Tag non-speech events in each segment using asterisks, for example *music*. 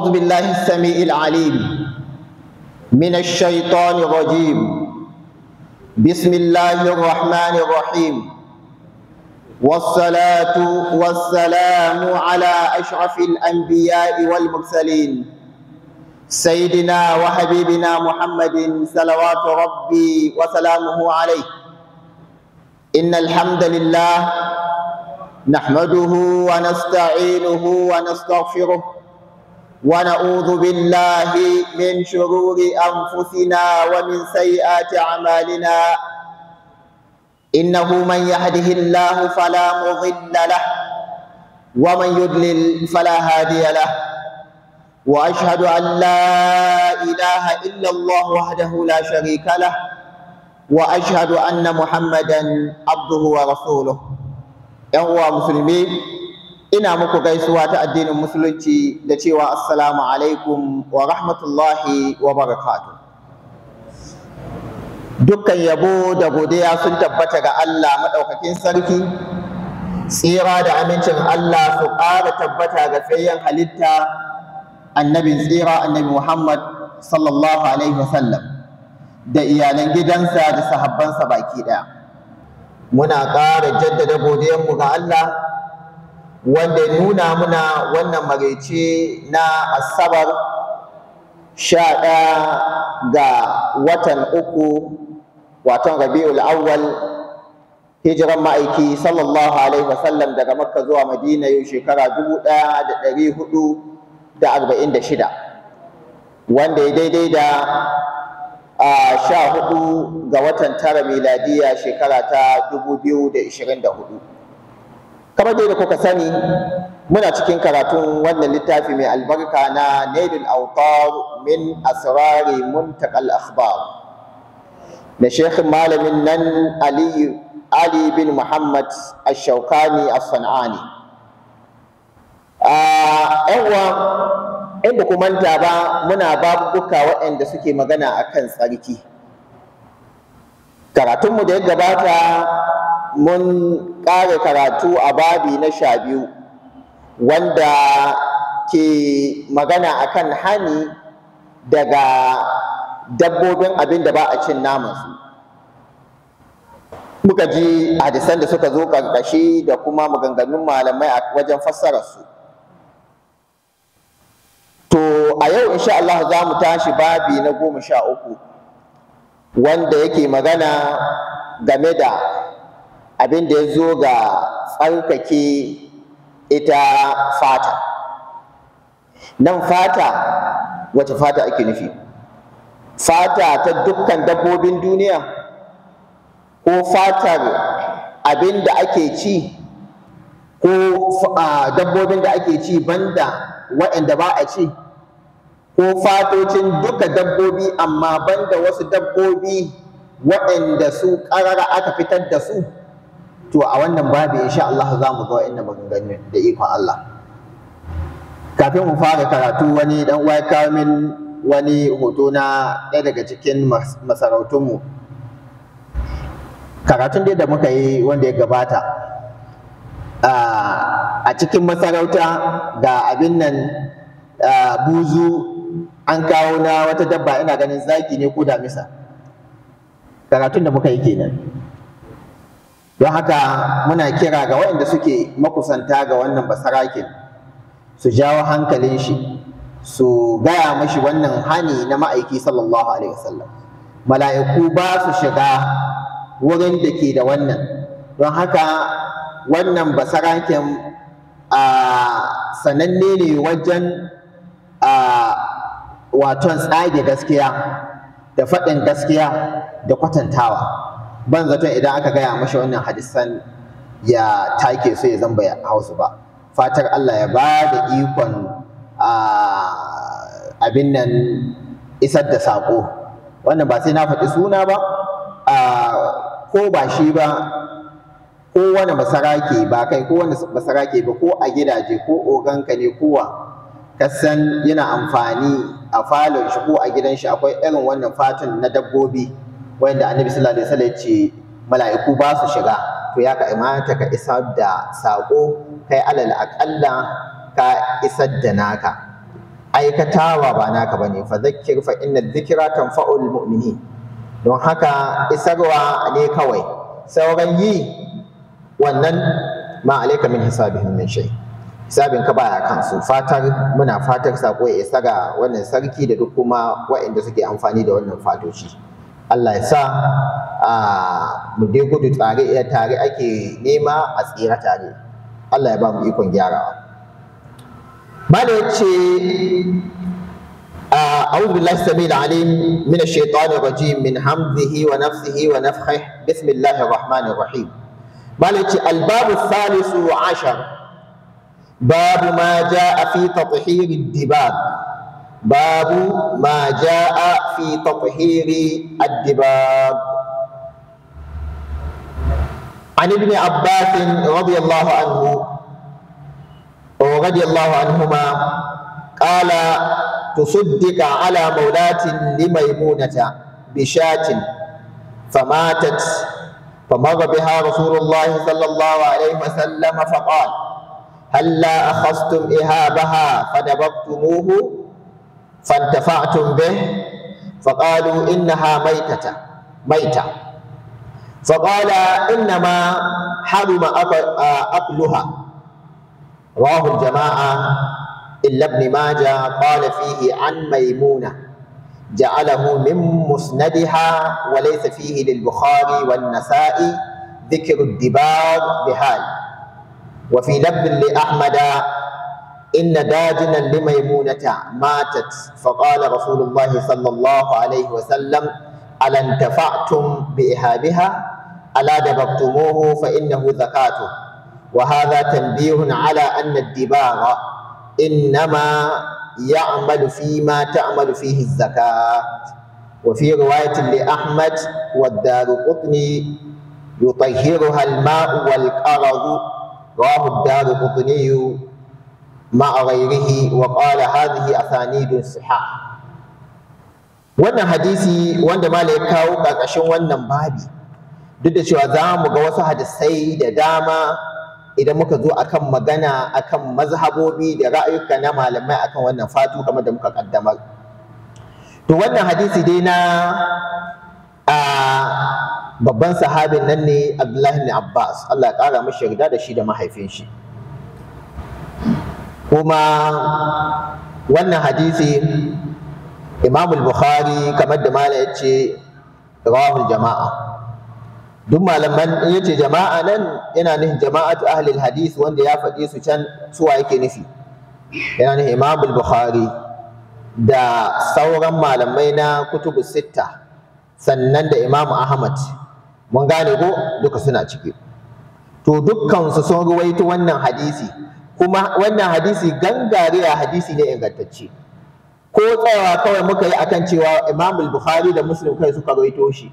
أعوذ بالله السميع العليم من الشيطان الرجيم بسم الله الرحمن الرحيم والصلاة والسلام على أشرف الأنبياء والمرسلين سيدنا وحبيبنا محمد صلوات ربي وسلامه عليه إن الحمد لله نحمده ونستعينه ونستغفره ونعوذ بالله من شرور أنفسنا ومن سيئات أعمالنا إنه من يهده الله فلا مضل له ومن يضلل فلا هادي له وأشهد أن لا إله إلا الله وحده لا شريك له وأشهد أن محمدا عبده ورسوله يا مسلمين ina muku gaisuwa ta addinin musulunci da cewa assalamu alaikum wa rahmatullahi wa barakatuh dukkan yabo da godiya sun tabbata ga Allah maɗaukakin sarki tsira da amincin Allah su ƙara tabbata ga tsayyan halitta annabin tsira annabi Muhammad sallallahu alaihi wasallam da iyalan gidansa da sahabbansa baki ɗaya muna ƙara jaddada godiyanmu ga Allah wanda nuna muna wannan Maraice na asabar sha ɗaya ga watan uku watan rabi'ul awwal hijiran ma'aiki sallallahu alaihi wasallam daga makka zuwa madina yau shekara dubu ɗaya da ɗari huɗu da arba'in da shida wanda ya daidai da sha hudu ga watan tara miladiya shekara ta dubu biyu da ishirin da hudu kamar da kuka sani muna cikin karatun wannan littafi mai albarka na nailul autar min asrari Muntakal akhbar na shekhin malamin nan ali bin muhammad ash-shawkani as-sanani ah, yan wa, in ba ku manta ba muna babu duka waɗanda suke magana akan tsarki karatunmu da ya gabata mun ƙare karatu a babi na sha biyu wanda ke magana akan hani daga dabbobin abin da ba a cin namansu muka ji hadisan da suka zo ƙarƙashi da kuma maganganun malamai a wajen fassararsu to a yau insha Allah za mu tashi babi na goma sha uku wanda yake magana game da abin da ya zo ga tsarkake ita fata nan fata wata fata ake nufi fata ta dukkan dabbobin duniya ko fatar abin da ake ci ko dabbobin da ake ci banda waɗanda ba a ci ko fatocin duka dabbobi amma banda wasu dabbobi waɗanda su ƙarara aka fitar da su to a wannan babu insha Allah za mu ga mu maganganu da ikon Allah kafin mu fara karatu wani dan wai kawo wani hoto na ɗaya daga cikin masarautunmu karatun da muka yi wanda ya gabata a cikin masarauta ga abin nan buzu an kawo na wata dabba ina ganin zaki ne ko damisa karatun da muka yi kenan don haka muna kira ga waɗanda suke makusanta ga wannan basarakin su jawo hankalin shi su gaya mashi wannan hani na ma'aiki sallallahu alaihi wasallam mala'iku ba su shiga wurin da ke da wannan don haka wannan basarakin a sananne ne wajen a waton tsage gaskiya da faɗin gaskiya da kwatantawa ban zaton idan aka gaya mashi wannan hadisan ya take so ya zamba ya hausu ba fatar Allah ya ba da ikon abin nan isar da saƙo wannan ba sai na faɗi suna ba ko ba shi ba ko wani basarake ba kai ko wani basarake ba ko a gidaje ko oganka ne kowa kasan yana amfani a falon shi ko a gidan shi akwai irin wannan fatun na dabbobi wanda annabi sallallahu alaihi wasallam ya mala'iku ba su shiga to ya kamata ka isar da sako kai alal aqalla ka isar da naka aikatawa ba naka bane fa zakkir fa inna dhikra tanfa'ul mu'minin don haka isarwa ne kawai sauran yi wannan ma alayka min hisabihim min shay hisabin ka baya kansu fatar muna fatar sako ya isa ga wannan sarki da duk kuma waɗanda suke amfani da wannan fatoci Allah ya sa a mu dai gudu tare iya tare ake nema a tsira tare Allah ya ba mu ikon gyarawa bala ya ce أعوذ بالله السميع العليم من الشيطان الرجيم من همزه ونفسه ونفخه بسم الله الرحمن الرحيم بلت الباب الثالث عشر باب ما جاء في تطهير الدباب باب ما جاء في تطهير الدباب عن ابن عباس رضي الله عنه رضي الله عنهما قال تصدق على مولاة لميمونة بشاة فماتت فمر بها رسول الله صلى الله عليه وسلم فقال هلا أخذتم إهابها فدببتموه فانتفعتم به فقالوا إنها ميتة ميتة فقال إنما حرم أكلها رواه الجماعة إلا ابن ماجة قال فيه عن ميمونة جعله من مسندها وليس فيه للبخاري والنسائي ذكر الدباغ بهال وفي لفظ لأحمد إن داجنا لميمونة ماتت فقال رسول الله صلى الله عليه وسلم ألا انتفعتم بإهابها ألا دببتموه فإنه زكاته وهذا تنبيه على أن الدباغ إنما يعمل فيما تعمل فيه الزكاة وفي رواية لأحمد والدار قطني يطهرها الماء والقرض رواه الدار قطني مع غيره وقال هذه أسانيد صحاح wannan hadisi wanda Malam ya kawo ƙarƙashin wannan babi duk da cewa za mu ga wasu hadisai da dama idan muka zo akan magana akan mazhabobi da ra'ayuka na malamai akan wannan fatu kamar da muka kaddamar to wannan hadisi dai na a babban sahabin nan ne abdullahi ibn abbas allah ya ƙara mashi yarda da shi da mahaifin shi kuma wannan hadisi Imam Bukhari kamar da mala ce rawahul jama'a duk malaman yace jama'a nan yana nufin jama'atu ahlil hadith wanda ya faɗi su can suwa yake nufi yana nufin Imam Bukhari da sauran malamai na kutubu sitta sannan da Imam Ahmad mun gane ko duka suna ciki to dukkansu sun ruwaito wannan hadisi kuma wannan hadisi gangariya hadisi ne ingantacce ko tsawa kawai muka yi akan cewa Imam Bukhari da Muslim kai suka rawaito shi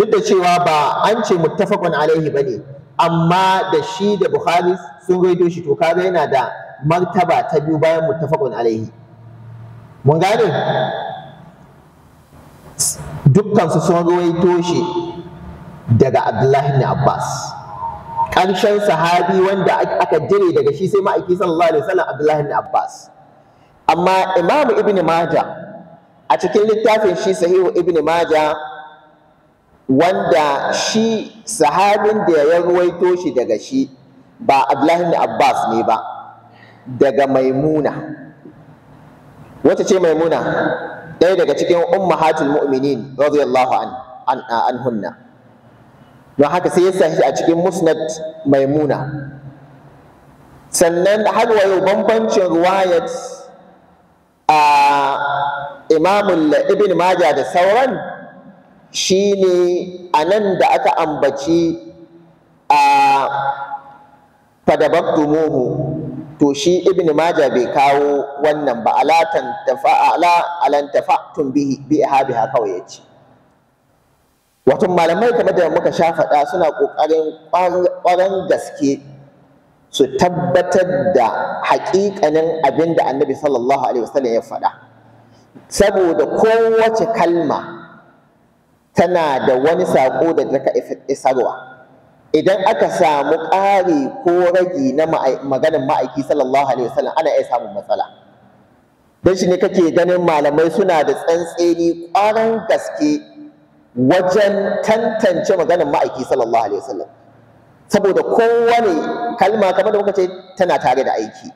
duk da cewa ba an ce muttafaqun alaihi bane amma da shi da Bukhari sun rawaito shi to kaga yana da martaba ta biyu bayan muttafaqun alaihi mun gane dukkan su sun rawaito shi daga Abdullahi ibn Abbas ƙarshen sahabi wanda aka dire daga shi sai ma'aiki sallallahu alaihi wasallam Abdullahi ibn Abbas amma Imam Ibn Maja a cikin littafin shi Sahihu Ibn maja wanda shi sahabin da ya ruwaito shi daga shi ba Abdullahi ibn Abbas ne ba daga Maimuna wata ce Maimuna ɗaya daga cikin ummahatul mu'minin radiyallahu anhunna don haka sai ya sahi a cikin musnad maimuna sannan har yau bambancin ruwayat a imamun ibn maja da sauran shine a nan da aka ambaci a Dumuhu, to shi ibn maja bai kawo wannan ba alatan tafa'a ala alan bihi biha biha kawai yace wato malamai kamar da muka sha faɗa suna ƙoƙarin ƙwaran gaske su tabbatar da haƙiƙanin abin da annabi sallallahu alaihi wasallam ya faɗa saboda kowace kalma tana da wani sako da ta isarwa idan aka samu ƙari ko ragi na maganin ma'aiki sallallahu alaihi wasallam ana iya samun matsala don shi ne kake ganin malamai suna da tsantseni ƙwaran gaske wajen tantance maganin ma'aiki sallallahu alaihi wasallam saboda kowane kalma kamar da muka ce tana tare da aiki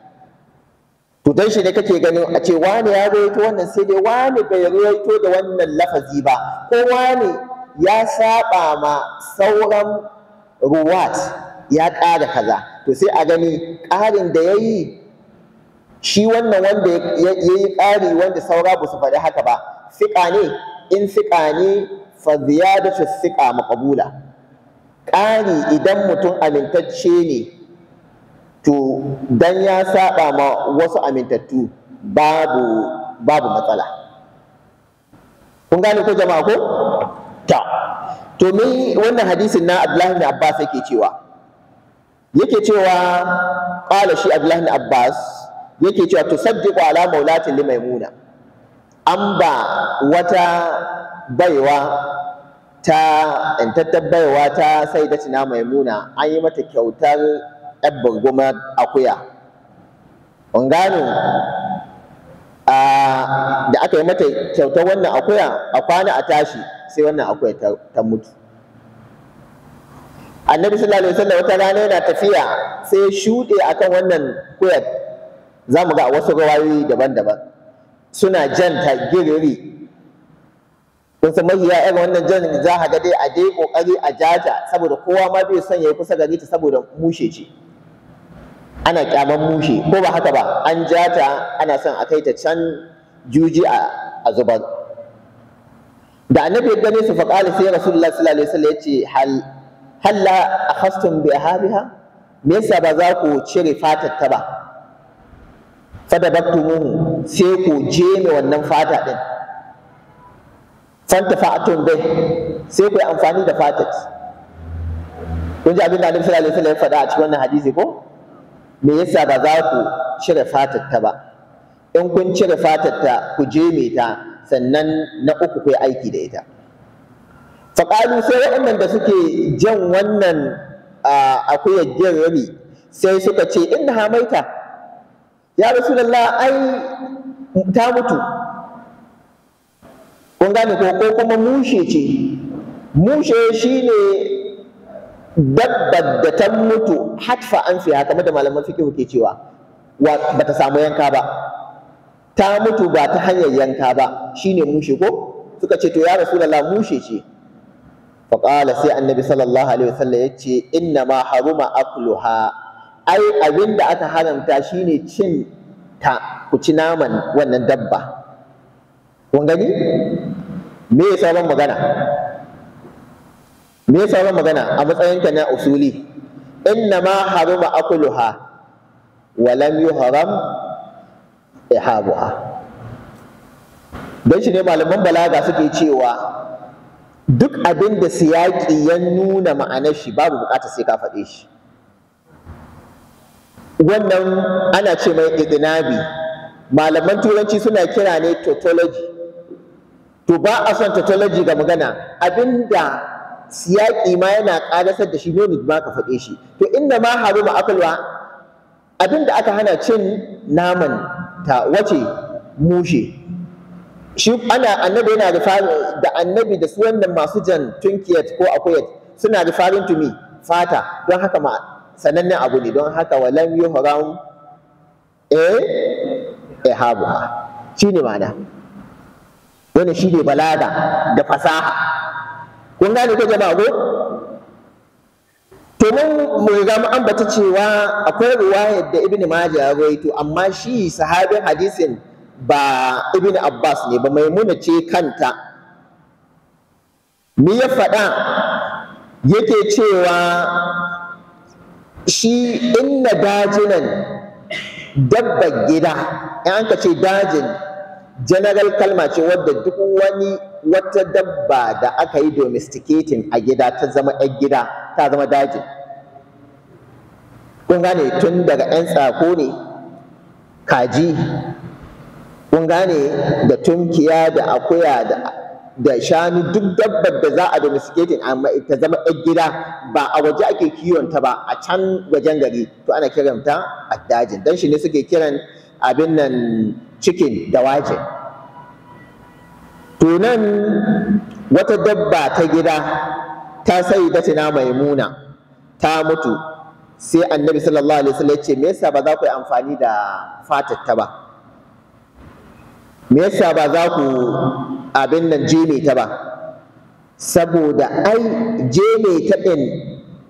to dan shi ne kake ganin a ce wani ya rawaito wannan sai dai wani bai rawaito da wannan lafazi ba ko wani ya saba ma sauran ruwat ya ƙara kaza to sai a gani ƙarin da ya yi shi wannan wanda ya yi ƙari wanda saura ba su faɗi haka ba fiƙa ne in fiƙa ne da ziyadatu thiqa maqbula ƙari idan mutum amintacce ne to dan ya saba ma wasu amintattu babu babu matsala kun gane ko jama'a ko ta to mai wannan hadisin na Abdullahi ibn Abbas yake cewa yake cewa qala shi Abdullahi ibn Abbas yake cewa tusaddiqu ala maulatin limaimuna an ba wata baiwa ta intattar baiwa ta sai da tina maimuna an yi mata kyautar yan burguma akuya kun da aka yi mata kyautar wannan akuya a kwana a tashi sai wannan akuya ta mutu annabi sallallahu alaihi wasallam wata rana yana tafiya sai shuɗe akan wannan kuyar za mu ga a wasu rawayoyi daban-daban suna janta giriri kun san mahiya irin wannan jan za a ga dai a dai kokari a jaja saboda kowa ma bai son ya kusa gari ta saboda mushe ce ana kyaman mushe ko ba haka ba an jata ana son a kai ta can juji a zubar da annabi ya gane su fa qala sai rasulullahi sallallahu alaihi wasallam yace hal halla akhastum bi ahabiha me yasa ba za ku cire fatar ta ba fadabaktumuhu sai ku jeme wannan fata din fanta fa'atun bai sai ku yi amfani da fatat kun ji abin da Annabi sallallahu alaihi wasallam faɗa a cikin wannan hadisi ko me yasa ba za ku cire fatar ta ba in kun cire fatar ta ku jeme ta sannan na uku ku yi aiki da ita faƙalu sai waɗannan da suke jan wannan ah, akuyar jin rabi sai suka ce inna hamaita ya rasulallah ai ta mutu kun gane ko ko kuma mushe ce mushe shine dabbar da ta mutu hatfa an fiya kamar da malaman fiqh ke cewa ba ta samu yanka ba ta mutu ba ta hanyar yanka ba shine mushe ko suka ce to ya rasulallah mushe ce faƙala sai annabi sallallahu alaihi wasallam ce inna ma haruma akluha ai abin da aka haramta shine cin ta ku ci naman wannan dabba kun gani me ya sauran magana me ya sauran magana a matsayinka na usuli inna ma haruma akuluha wa lam yuharam ihabuha dan shi ne malaman balaga suke cewa duk abin da siyaki ya nuna ma'anar shi babu bukatar sai ka faɗe shi wannan ana ce mai idinabi malaman turanci suna kira ne tautology to ba a son tautology ga magana abinda siyaki ma yana ƙarasar da shi ne ma ka faɗe shi to inda ma haruma akalwa abinda aka hana cin naman ta wace mushe shi ana annabi yana da annabi da su wannan masu jan tunkiyat ko akuyat suna da farin tumi, fata don haka ma sanannen abu ne don haka walam yuhram eh ne shine wani shi ne balaga da fasaha kun gane ko jama'a ko to mun mu riga mu ambata cewa akwai riwayar da ibnu majah ya rawaito amma shi sahabin hadisin ba ibnu abbas ne ba maimuna ce kanta me ya faɗa yake cewa shi inna dajinan dabbar gida in an ce dajin general kalma ce wadda duk wani wata dabba da aka yi domesticating a gida ta zama 'yan gida ta zama dajin kun gane tun daga 'yan tsako ne kaji kun gane da tunkiya da akuya da da shanu duk dabbar da za a domesticating ita zama ɗan gida ba a waje ake kiwon ta ba a can wajen gari to ana kiranta dajin dan shi ne suke kiran abin nan cikin da waje to nan wata dabba ta gida ta sai da tana maimuna ta mutu sai annabi sallallahu alaihi wasallam ya ce me yasa ba za ku yi amfani da fatar ba me yasa ba za ku abin nan jeme ta ba saboda ai jeme ta ɗin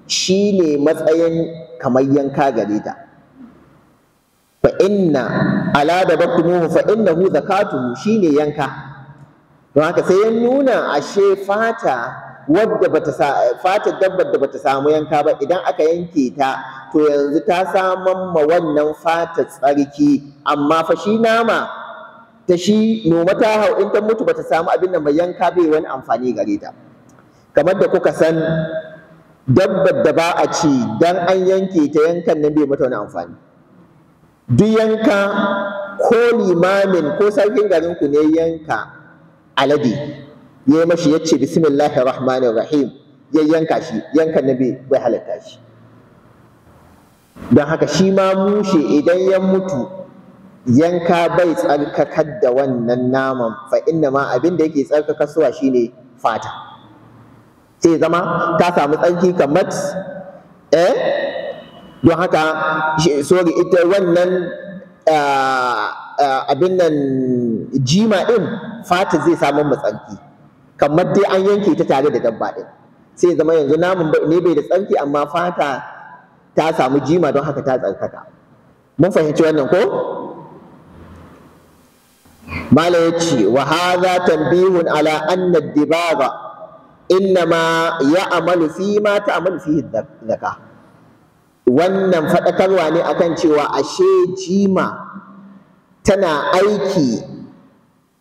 shi ne matsayin kamar yanka gare ta fa inna ala da bakumuhu fa innahu zakatuhu shine yanka don haka sai ya nuna ashe fata wadda bata fatar dabbar da bata samu yanka ba idan aka yanke ta to yanzu ta saman ma wannan fata tsarki amma fa shi nama ta shi noma ta hau in ta mutu bata samu abin da mai yanka bai wani amfani gare ta kamar da kuka san dabbar da ba a ci dan an yanke ta yankan nan bai mata wani amfani duk yanka ko limamin ko sarkin garin ku ne yanka alade ya mashi ya ce bismillahir rahmanir rahim ya yanka shi yankan nan bai halatta shi don haka shi ma mushe idan ya mutu yanka bai tsarkakar da wannan naman fa inna ma abin da yake tsarkakaswa shine fata sai zama ta samu tsarki kamar eh don haka sorry ita wannan ah, ah, abin nan jima din fata zai samu matsarki kamar dai an yanke ta tare da dabba din sai zama yanzu namun ne bai da tsarki amma fata ta samu jima don haka ta tsarkaka mun fahimci wannan ko mala ya ce wa ta tambihun ala anna dibaga innama ya amalu fi ma ta amalu fi wannan faɗakarwa ne a kan cewa ashe jima tana aiki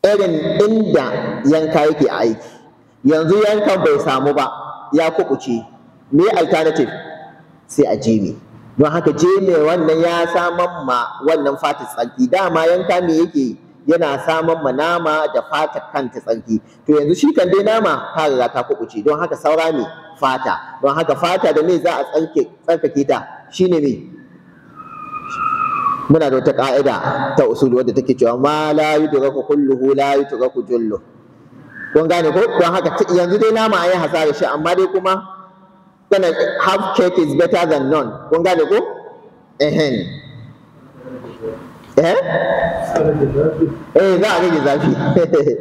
irin inda yanka yake aiki yanzu yankan bai samu ba ya kubuce me alternative sai a jime don haka jime wannan ya saman ma wannan fatis tsaki dama yanka me yake yi yana samun ma nama da fata kanta tsarki to yanzu shi kan dai nama ta za ta kubuce don haka saura ne fata don haka fata da me za a tsarke tsarkake ta shine me muna da wata ka'ida ta usul wadda take cewa ma la yudraku kulluhu la yudraku jullu kun gane ko don haka yanzu dai nama a yi hasara shi amma dai kuma kana half cake is better than none kun gane ko ehen Eh? eh za a rage zafi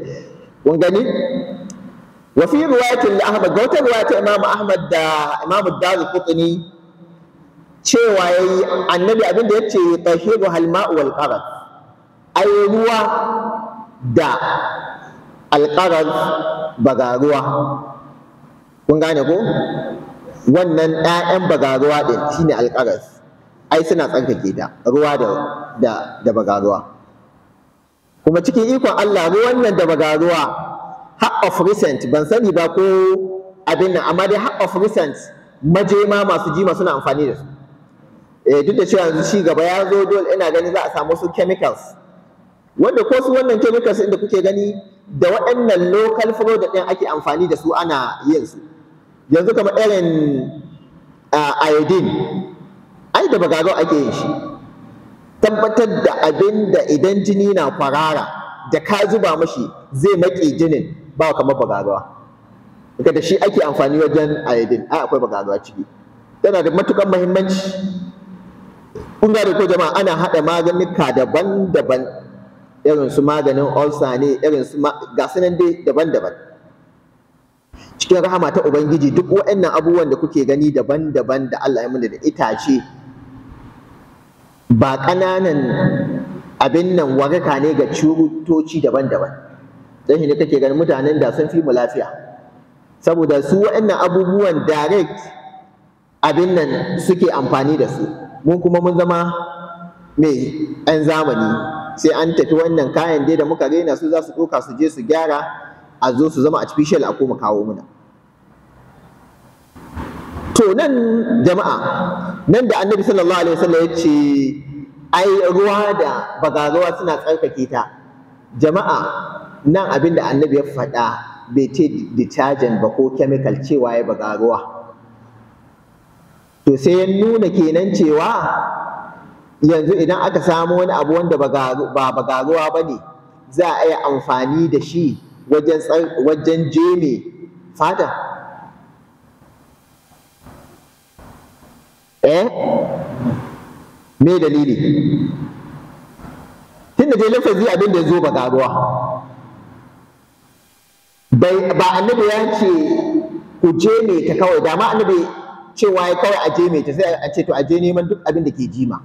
*laughs* kun gani wa fi riwayatin da Ahmad ga wata riwaya ta Imam Ahmad da Imam Darqutni cewa yayi annabi abinda yace tahiru hal ma'u wal qarar ai ruwa da alqarar bagaruwa kun gane ko wannan ɗayan bagaruwa din shine alqarar ai suna tsankake ta ruwa da da da bagaruwa kuma cikin ikon Allah ruwan nan da bagaruwa har of recent ban sani ba ko abin nan amma dai har of recent majema masu jima suna amfani da su eh duk da cewa yanzu ci gaba ya zo dole ina gani za a samu su chemicals wanda ko su wannan chemicals inda kuke gani da waɗannan local product ɗin ake amfani da su ana yin su yanzu kamar irin ah, iodine ai da bagaro ake yin shi tabbatar da abin da idan jini na kwarara da ka zuba mashi zai maƙe jinin ba kamar bagagawa daga da shi ake amfani wajen ayyadin ai akwai bagagawa ciki tana da matukar muhimmanci kun gane ko jama'a ana haɗa maganika daban-daban irin su maganin ulcer ne irin su ga nan dai daban-daban cikin rahama ta ubangiji duk waɗannan abubuwan da kuke gani daban-daban da Allah ya mana da itace ba ƙananan abin nan waraka ne ga cutoci daban-daban don shi ne kake ganin mutanen da sun fi mu lafiya saboda su waɗannan abubuwan direct abin nan suke amfani da su mun kuma mun zama mai 'yan zamani sai an tafi wannan kayan dai da muka raina su za su ɗauka su je su gyara a zo su zama artificial a kuma kawo muna to nan jama'a nan da annabi sallallahu alaihi wasallam ya ce ai ruwa da bagaruwa suna tsarkake ta jama'a nan abin da annabi ya faɗa bai ce detergent ba ko chemical cewa ya bagaruwa to sai ya nuna kenan cewa yanzu idan aka samu wani abu wanda ba bagaruwa ba ne za a yi amfani da shi wajen jeme fata eh me dalili tun dai lafazi abin da ya zo ba Bai ba annabi ya ce ku je ne ta kawai dama annabi cewa ya kawai aje me ta sai a ce to aje neman duk abin da ke jima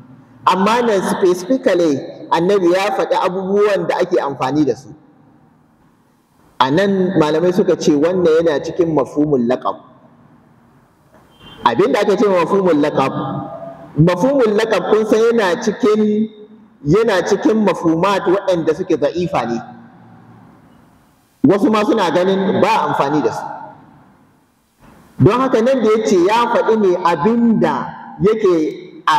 amma nan specifically annabi ya faɗi abubuwan da ake amfani da su a nan malamai suka ce wannan yana cikin mafhumul laqab abinda aka ce mafhumul lakab mafhumul lakab kun san yana cikin yana cikin mafhumat waɗanda suke za'ifa ne wasu ma suna ganin ba amfani da su don haka nan da ya ce ya faɗi ne abinda yake a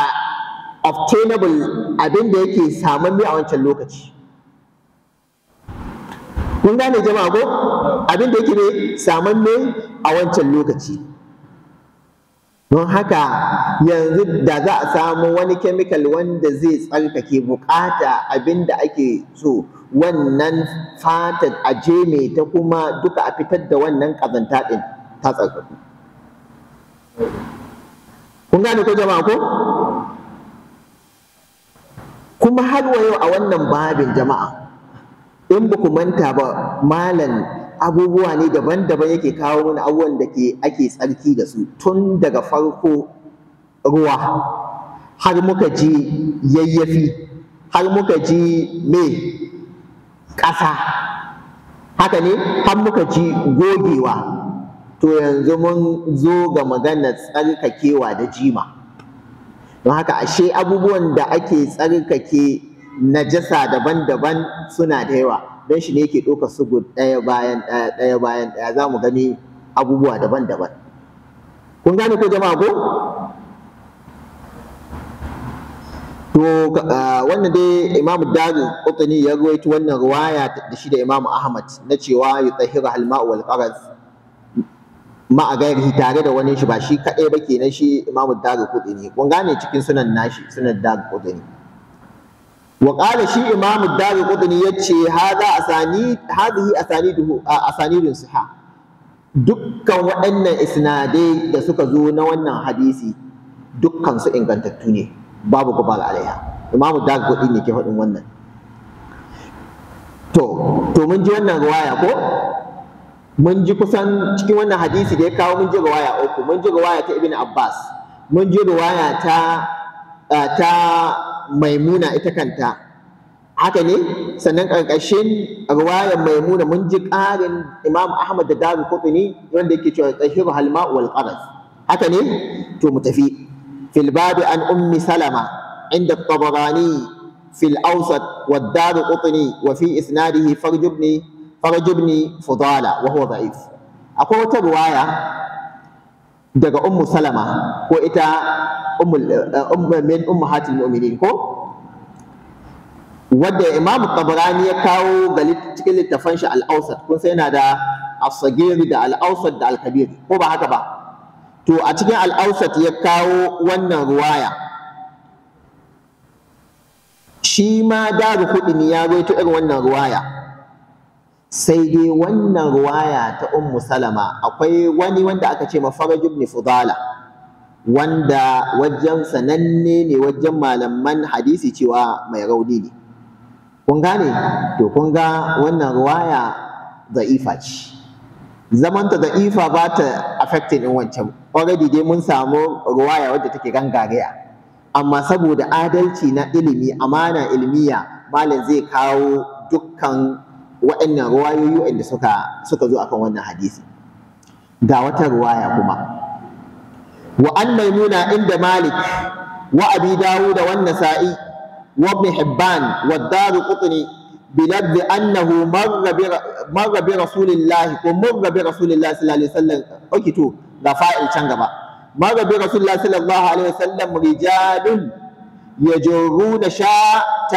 obtainable abinda yake samanni a wancan lokaci kun gane jama'a ko abinda yake ne samanne a wancan lokaci don haka yanzu da za a samu wani kemikal wanda zai tsarkake bukata abinda ake so wannan fata a jeme ta kuma duka a fitar da wannan kazanta ɗin ta tsarkake kun gane ko jama'a ko kuma har yau a wannan babin jama'a in ba ku manta ba malam abubuwa ne daban-daban yake kawo mana abubuwan da ake tsarki da su tun daga farko ruwa har muka ji yayyafi har muka ji me ƙasa haka ne har muka ji gogewa to yanzu mun zo ga magana tsarkakewa da jima don haka ashe abubuwan da ake tsarkake najasa daban-daban suna da yawa dan shi ne yake ɗaukar sugu ɗaya bayan ɗaya ɗaya bayan ɗaya za mu gani abubuwa daban-daban kun gane ko jama'a ko to wannan dai imam Dari qutni ya ruwaito wannan riwaya da shi da imam ahmad na cewa ya al-ma'u wal qaraz ma a gairi tare da wani shi ba shi kadai ba kenan shi imam Dari qutni kun gane cikin sunan nashi sunan Dari qutni وقال شي امام الدار قطني يتشي هذا اسانيد هذه اسانيده اسانيد صحه dukkan waɗannan isnadai da suka zo na wannan hadisi dukkan su ingantattu ne babu gubal alaiha imamu dag kudi ne ke faɗin wannan to to mun ji wannan ruwaya ko mun ji kusan cikin wannan hadisi da ya kawo mun ji ruwaya uku mun ji ruwaya ta ibn abbas mun ji ruwaya ta ta maimuna ita kanta haka ne sannan ƙarƙashin ruwayar maimuna mun ji ƙarin imam ahmad da daru kutuni wanda yake cewa tsahiru halma wal haka ne to mu tafi fil an ummi salama inda tabarani fil ausat wa daru kutuni wa fi isnadihi farjubni farjubni fudala wa huwa da'if akwai wata ruwaya daga ummu salama ko ita eh, min hatin mu'minin ko wadda imamu tabarani ya kawo ga cikin littafan shi al kun sai yana da as da al ausat da al-kabir ko ba haka ba to a cikin al ya kawo wannan ruwaya shi ma daru kudi ne ya ta irin wannan ruwaya sai dai wannan ruwaya ta ummu salama akwai wani wanda aka ce mafaraj ibn fudala wanda wajen sananne ne wajen malaman hadisi cewa mai rauni ne kun gane to kun ga wannan ruwaya za'ifa ce zamanta za'ifa ba ta affecting din wancan already dai mun samu ruwaya wadda take gangariya amma saboda adalci na ilimi amana ilmiya malam zai kawo dukkan waɗannan ruwayoyi waɗanda suka suka zo akan wannan hadisi ga wata ruwaya kuma wa an maimuna inda malik wa abi dawud wa nasa'i wa ibn hibban wa darqutni بلفظ bi rasulillah مر برسول الله ومر برسول الله صلى الله عليه وسلم أكتو غفاء الشنغبا مر برسول الله صلى الله عليه وسلم رجال يجرون شاة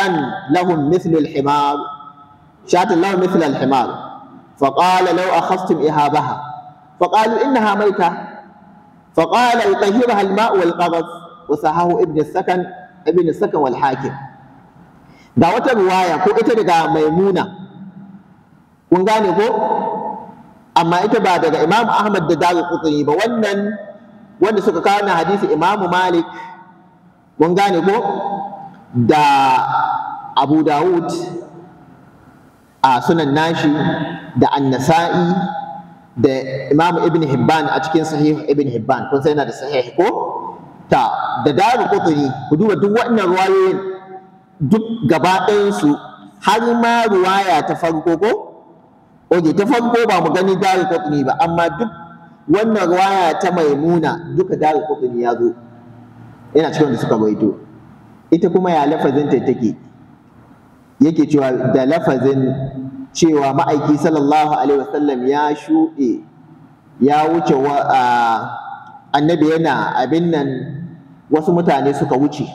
لهم مثل الحمار شاة الله مثل الحمار فقال لو أخذتم إهابها فقالوا إنها ميتة فقال يطهرها الماء والقبض وسهاه ابن السكن ابن السكن والحاكم da wata riwaya ko ita daga maimuna kun gane ko amma ita ba daga imamu ahmad da daru kutuni ba wannan wanda suka kawo na hadisi imamu malik kun gane ko da abu dawud a sunan nashi da annasa'i da imamu ibn hibban a cikin sahih ibn hibban kun sai yana da sahih ko ta da daru kutuni ku duba duk wannan ruwayoyin duk gaba su har ma ruwaya ta farko ko oje ta farko ba mu gani daru kutuni ba amma duk wannan ruwaya ta maimuna duka daru kutuni ya zo yana cikin wanda suka baito ita kuma ya lafazin ta take yake cewa da lafazin cewa ma'aiki sallallahu alaihi wasallam ya shuɗe ya wuce wa annabi yana abin nan wasu mutane suka wuce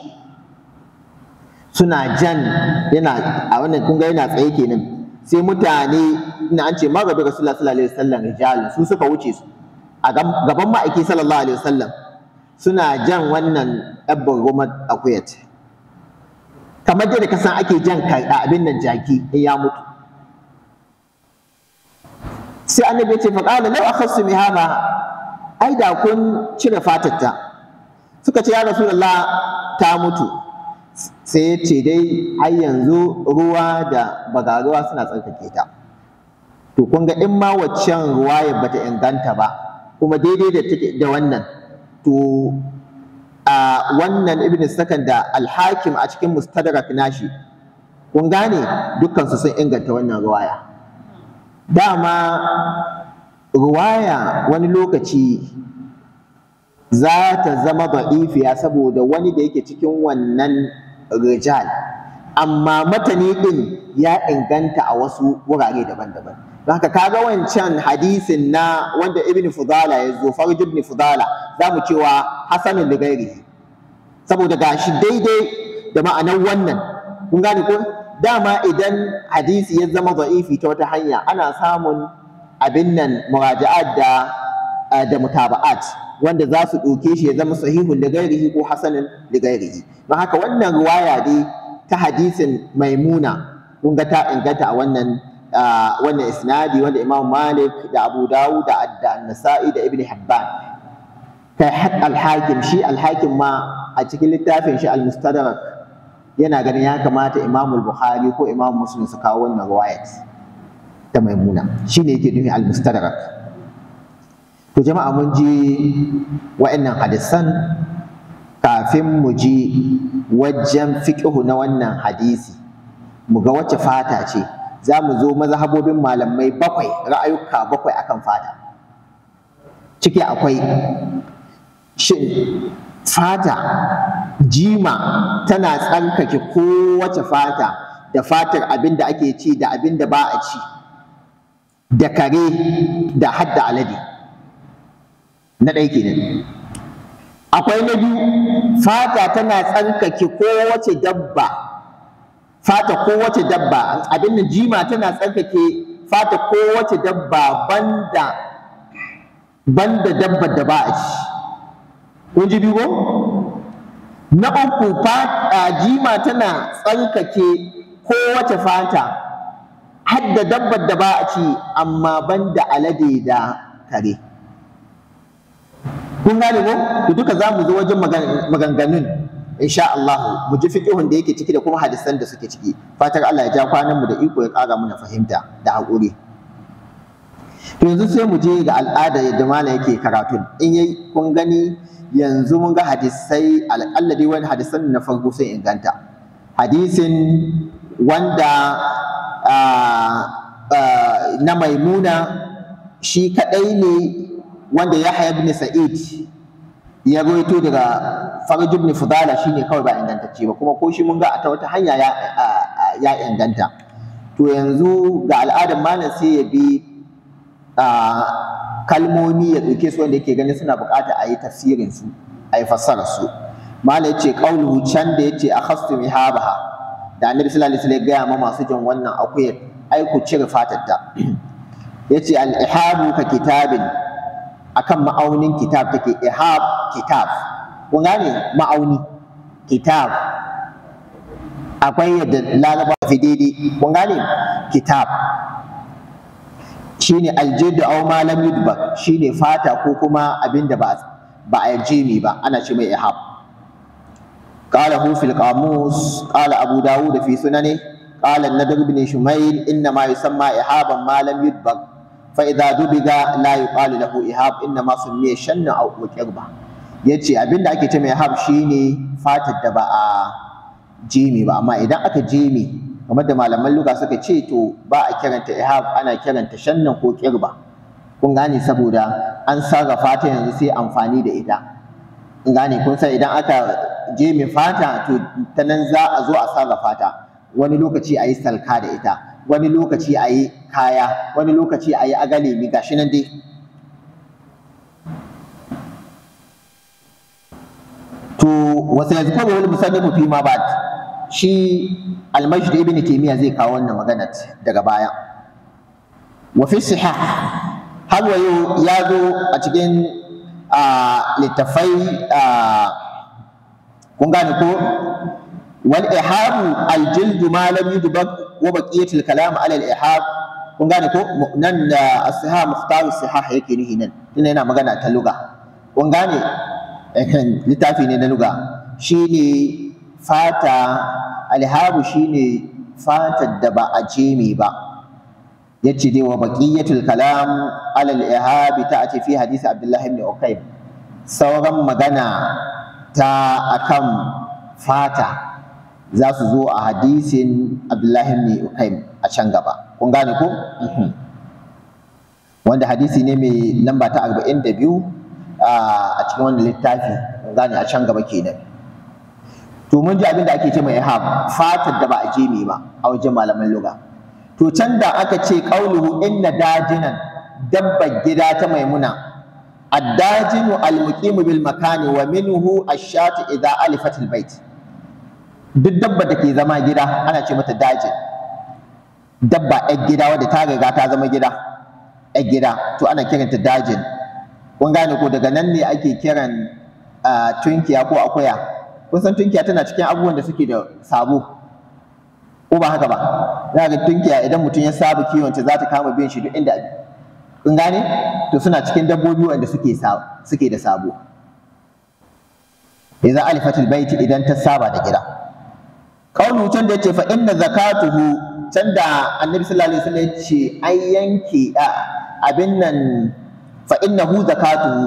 suna jan yana a wannan kunga yana tsaye kenan sai mutane ina an ce ma magabi rasulullah sallallahu alaihi wasallam rijalun su suka wuce su a gaban ma'aiki sallallahu alaihi wasallam suna jan wannan ɗabbar rumar akuyat kamar yadda ka san ake jan karɗa abin nan jaki in ya mutu sai annabi ce faƙala lau kasu mi hama ai da kun cire fatarta suka ce ya rasulullah ta mutu sai ya ce dai ai yanzu ruwa da bagaruwa suna tsarkake ta to kun ga in ma waccan ruwa bata inganta ba kuma daidai da da wannan to a wannan ibn sakan da alhakim a cikin mustadrak nashi kun gane dukkan sun inganta wannan ruwaya dama ruwaya wani lokaci za ta zama da'ifiya saboda wani da yake cikin wannan rijal amma matani din ya inganta a wasu wurare daban-daban Ka kaga wancan hadisin na wanda ibn fudala ya zo farj ibn fudala za mu cewa hasanun da gairi saboda gashi daidai da ma'anar wannan kun gane ko dama idan hadisi ya zama za'ifi ta wata hanya ana samun abin nan muraja'at da da mutaba'at wanda za su ɗauke shi ya zama sahihun da gairihi ko hasanin da gairihi don haka wannan riwaya dai ta hadisin maimuna kun ga ta inganta a wannan wannan isnadi wanda Imam Malik da Abu Dawud da An-Nasa'i da Ibn Hibban kai al-Hakim shi al-Hakim ma a cikin littafin shi al-Mustadrak yana ganin ya kamata Imam Bukhari ko Imam Muslim su kawo wannan riwayat ta Maimuna shine yake nufi al-Mustadrak to jama'a mun ji wa'annan hadisan kafin mu ji wajen fiqhu na wannan hadisi mu ga wacce fata ce za mu zo mazhabobin malamai bakwai ra'ayuka bakwai akan fata ciki akwai shin fata jima tana tsarkake kowace fata da fatar abin da ake ci da abin da ba a ci da kare da hadda alade na ɗaya kenan akwai na biyu fata tana tsarkake kowace dabba fata kowace dabba abin da jima tana tsarkake fata kowace dabba banda banda dabba da ba a ci kun ji bigo na uku fata jima tana tsarkake kowace fata hadda dabbar da ba a ci amma banda alade da kare kun gane ko duka zamu zo wajen maganganun insha Allah mu ji fiqhun da yake ciki da kuma hadisan da suke ciki fatar Allah ya ja kwanan mu da iko ya kara mana fahimta da hakuri to yanzu sai mu je ga al'ada yadda mala yake karatun in yayi kun gani yanzu mun ga hadisai alƙalla dai wani hadisan na farko inganta hadisin wanda na maimuna shi kadai ne wanda ya ibn sa'id ya goyito daga Faraj ibn Fudala shine kawai ba ingantacce ba kuma ko shi mun ga a ta wata hanya ya ya inganta to yanzu ga al'adar malam sai ya bi kalmomi ya ɗauke su wanda yake ganin suna bukata a yi tafsirin su a yi fassararsu. su malam ya ce ƙauluhu can da ya ce a khastu mihabaha da annabi sallallahu alaihi wasallam ya gaya ma masu jan wannan akuyar aiku cire fatar ta *clears throat* yace al-ihabu ka kitabin akan ma'aunin kitab take ihab kitab kun gane ma'auni kitab akwai yadda lalaba fi daidai kun gane kitab shine aljid aw ma lam yudbak shine fata ko kuma abinda ba ba a mi ba ana ce mai ihab qala hu fil qamus qala abu dawud fi sunani qala an-nadr ibn shumayl inna ma yusamma ihaban ma lam faiza dubiga la yuqalu lahu ihab inna shannan a shanna ba Ya ce abinda ake ce mai shi ne fatar da ba a jimi ba amma idan aka jimi kamar da malaman luga suka ce to ba a kiranta ihab ana kiranta shannan ko kirba. kun gane saboda an sarrafa ta yanzu sai amfani da ita kun gane kun san idan aka jimi fata to ta nan za a zo a sarrafa ta wani lokaci a yi salka da ita wani lokaci a yi kaya wani lokaci a yi agalemi gashi nan dai to wasu yanzu kawai wani musamman fi ma ba shi almajid ibn taimiyya zai kawo wannan magana daga baya wa fi sihah har ya zo a cikin littafai kun gane ko wal ihabu al jildu ma lam wa baqiyatul kalam ala al-ihab kun gane ko nan da asiha mukhtaru sihah yake nihi nan tunda yana magana ta luga kun gane eh, *laughs* littafi ne na luga shine fata alhabu shine fata da ba a jeme ba yace dai wa baqiyatul kalam ala al-ihab ta'ati fi hadisi abdullahi ibn ukayb sauran magana ta akan fata za su zo a hadisin abdullahi ibn ukaim a can gaba kun gane ko mhm. wanda hadisi ne mai lamba ta 42 a cikin wanda littafi kun gane a can gaba kenan to mun ji abin da ake ce mai ihab fatar da ba a je ba a wajen malaman lugha to can da aka ce qauluhu inna dajinan dabbar gida ta maimuna addajinu almuqimu bil makani wa minhu ashatu shatu idha alifat bait duk dabba da ke zama gida ana ce mata daji dabba yar gida wadda ta riga ta zama gida yar gida to ana kiranta dajin kun gane ko daga nan ne ake kiran tunkiya ko akuya kun san tunkiya tana cikin abubuwan da suke da sabo ko ba haka ba za ga tunkiya idan mutum ya saba kiwon ta za ta kama bin shi duk inda kun gane to suna cikin dabbobi wanda suke suke da sabo idan alifatul baiti idan ta saba da gida kaunu can da yace fa inna zakatuhu can da annabi sallallahu alaihi wasallam an yanke abin nan fa innahu zakatuhu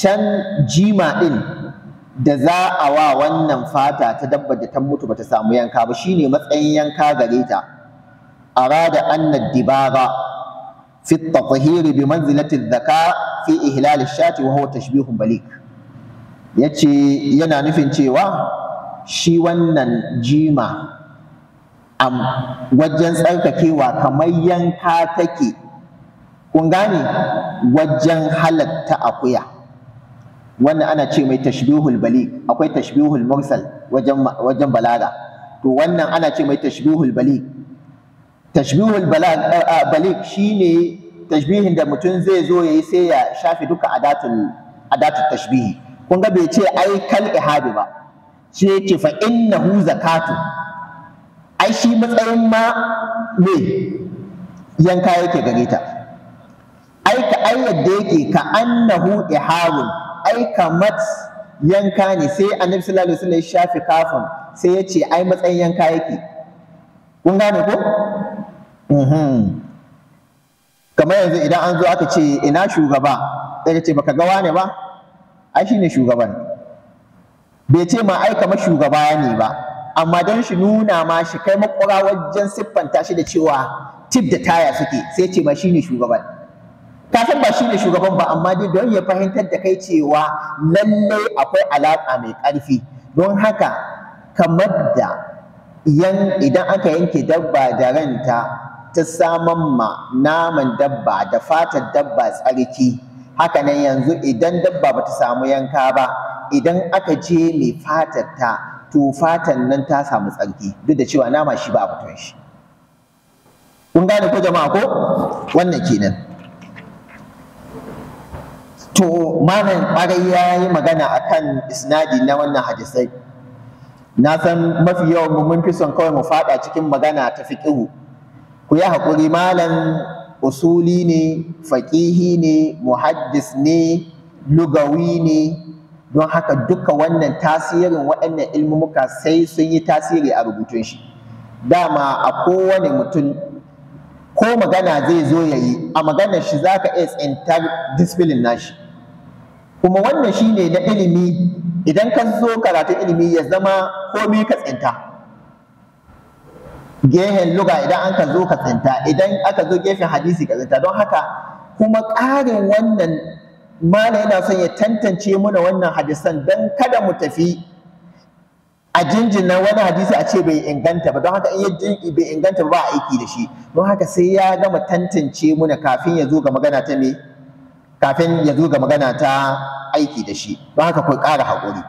can jima din da za a wa wannan fata ta dabba da ta mutu ba ta samu yanka ba shine matsayin yanka gare ta arada anna dibara fi at-tathhir bi manzilati zaka fi ihlal ash-shati wa huwa tashbihun balik yace yana nufin cewa shi wannan jima a wajen tsarkakewa kamar yanka take kun gane wajen halatta akuya wannan ana ce mai tashbihul bali akwai tashbihul mursal wajen wajen balaga to wannan ana ce mai tashbihul bali tashbihul bali shine tashbihin da mutum zai zo yayi sai ya shafe duka adatul adatul tashbihi Kunga bai ce ai kal ihabi ba sai ce fa innahu zakatu ai shi matsayin ma me yanka yake gare ta ai ka ai yadda yake ka annahu ihawun ai mat yanka ne sai annabi sallallahu alaihi wasallam ya shafi kafan sai ya ce ai matsayin yanka yake kun gane ko mhm. kamar yanzu idan an zo aka ce ina shugaba sai ka ce baka ga wane ba ai shine shugaban bai ce ma aika ma shugaba ne ba amma don shi nuna ma shi kai makura wajen siffanta shi da cewa tip da taya suke sai ce ma shine shugaban ka san ba shine shugaban ba amma dai don ya fahimtar da kai cewa lallai akwai alaƙa mai ƙarfi don haka kamar da yan idan aka yanke dabba da ranta ta saman ma naman dabba da fatar dabba tsarki haka nan yanzu idan dabba bata samu yanka ba idan aka je mai fatar ta to fatan nan ta samu tsarki duk da cewa nama shi ba a shi kun gane ko jama'a ko wannan kenan to malam ɓarai ya yi magana a kan isnadi na wannan hadisai na san mafi yawan mu mun fi son kawai mu faɗa cikin magana ta fiqihu ku yi haƙuri malam usuli ne faƙihi ne muhaddis ne lugawi ne don haka duka wannan tasirin waɗannan ilmumuka sai sun yi tasiri a rubutun shi dama a kowane mutum ko magana zai zo ya yi a maganar shi za ka iya tsintar disfilin nashi kuma wannan shi ne na ilimi idan ka zo karatun ilimi ya zama komai ka tsinta gehen luga idan an ka zo ka tsinta idan aka zo gefen hadisi ka tsinta don haka kuma ƙarin wannan mala yana son ya tantance muna wannan hadisan don kada mu tafi a jinjina wani hadisi a ce bai inganta ba don haka in bai inganta ba a aiki da shi don haka sai ya gama tantance muna kafin ya zo ga magana ta me kafin ya zo magana ta aiki da shi don haka ku ƙara haƙuri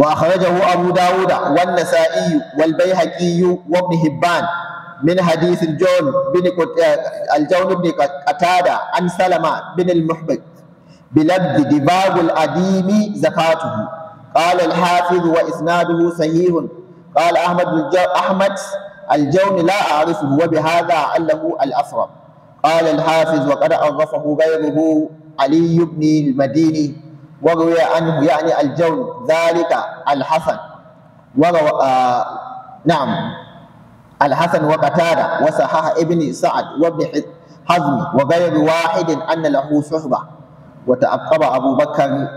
wa akhrajahu abu dawuda wan nasa'i wal baihaqi wa ibn hibban من حديث الجون بن الجون بن قتادة عن سلمة بن المحبك بلبد دباب الأديم زكاته قال الحافظ وإسناده صحيح قال أحمد أحمد الجون لا أعرفه وبهذا عله الأسرم قال الحافظ وقد عرفه غيره علي بن المديني وروي عنه يعني الجون ذلك الحسن وروى آه نعم الحسن وقتادة وصحح ابن سعد وابن حزم وغير واحد أن له صحبة وتعقب أبو بكر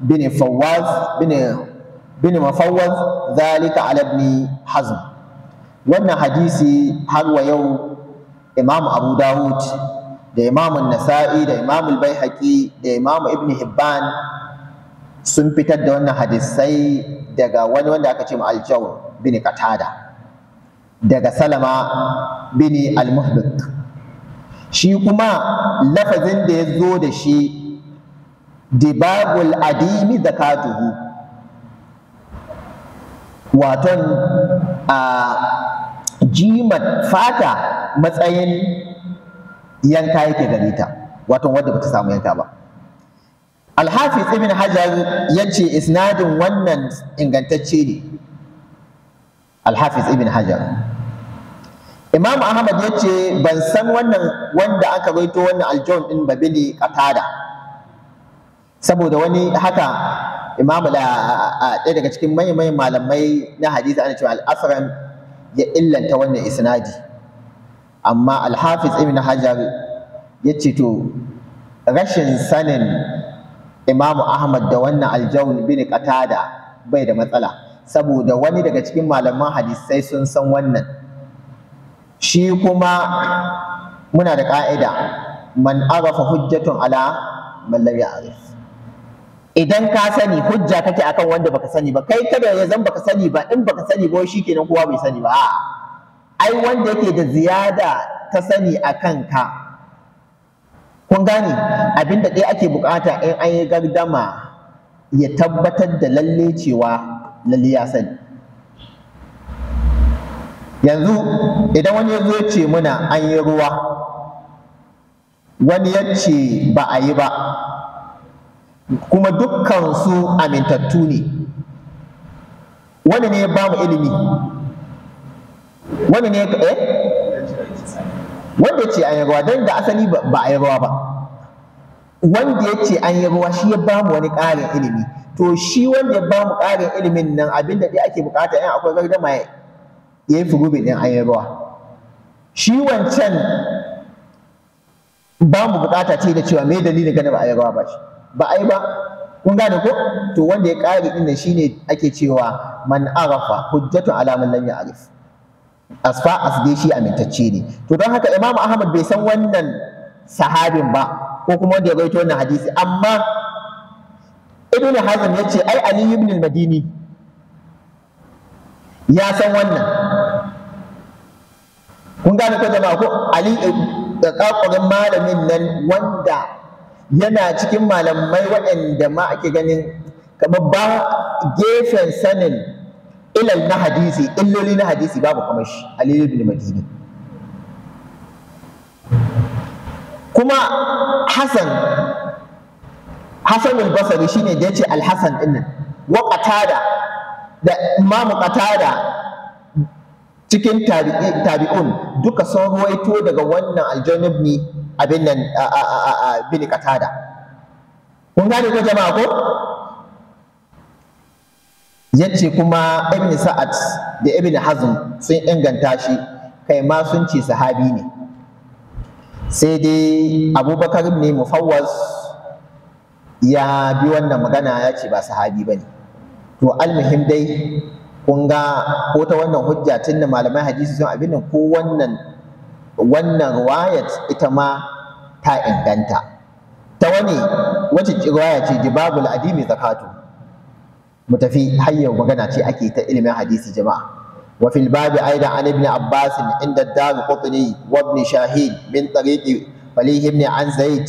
بن فواز بن بن مفوز ذلك على ابن حزم وأن حديثي هل يوم إمام أبو داود da imamun Nasa'i da imamun Al-Baihaqi da imamun Ibn Hibban sun fitar da wannan hadisai daga wani wanda aka ce ma al bin katada daga salama bini al shi kuma lafazin da ya zo da shi dibabul adimi zakatuhu waton a jimat fata matsayin yanka yake gare ta waton wadda bata samu yanka ba alhafiz ibn hajar ya ce isnadin wannan ingantacce ne alhafiz ibn hajar imam ahmad ya ce ban san wannan wanda aka gaito wannan aljon din babili katada saboda wani haka imam da ɗaya daga cikin manyan malamai na hadisi ana cewa al ya illanta wannan isnadi amma al-hafiz ibn hajar ya ce to rashin sanin Imam ahmad da wannan aljon bin qatada bai da matsala saboda wani daga cikin malaman hadisai sun san wannan shi kuma muna da ƙa'ida man arafa hujjatun ala mallari a idan ka sani hujja kake akan wanda baka sani ba kai kada ya zan baka sani ba in baka sani ba kenan kowa bai sani ba ai wanda yake da ziyada ta sani akan ka kun gane abinda ɗaya ake bukata in an yi gardama ya tabbatar da lalle cewa lalle ya sani yanzu idan wani ya zo ya ce muna an yi ruwa wani ya ce ba a yi ba kuma dukkan su amintattu ne wani ne ya ba mu ilimi wani ne ya eh? wanda ya ce an yi ruwa don da asali ba a yi ruwa ba wanda ya ce an yi ruwa shi ya ba mu wani ƙarin ilimi to shi wanda ba mu ƙarin ilimin nan abinda dai ake bukata yan akwai mai ya yi furubin ɗin an yi ruwa shi wancan ba mu bukata ce da cewa mai dalilin ganin ba a yi ruwa ba shi ba a yi ba kun gane ko to wanda ya ƙari ɗin shi ne ake cewa man arafa hujjatun alamun lanyar arif as far as dai shi amintacce ne to don haka Imam Ahmad bai san wannan sahabin ba ko kuma wanda ya gaito wannan hadisi amma ibn hazm ya ce ai ali ibn al-madini ya san wannan kun gane ko jama'a ko ali eh, da kakurin malamin nan wanda yana cikin malamai waɗanda ma ake ganin kamar ba gefen sanin ilal na hadisi illoli na hadisi babu kamar shi ali ibn madini kuma Hassan. al basari shine da yace alhasan din nan wa qatada da Imam qatada cikin tabi'un duka sun ruwaito daga wannan aljanib ne abin nan bin qatada kun gane ko jama'a ko yace kuma ibn sa'ad da ibn hazm sun inganta shi kai ma sun ce sahabi ne sai dai abubakar ne mufawwaz ya bi wannan magana ya ce ba sahabi ba ne to almuhim dai kun ga ko ta wannan hujja tun da malamai hadisi sun abin nan ko wannan wannan riwayat ita ma ta inganta ta wani wacce riwaya ce jibabul adimi zakatu mu tafi hayyar magana ce ake ta ilimin hadisi jama'a وفي aidan an ibn Abbas, inda عند qutni wa ibn shahid min tariqi falihim ni an zaid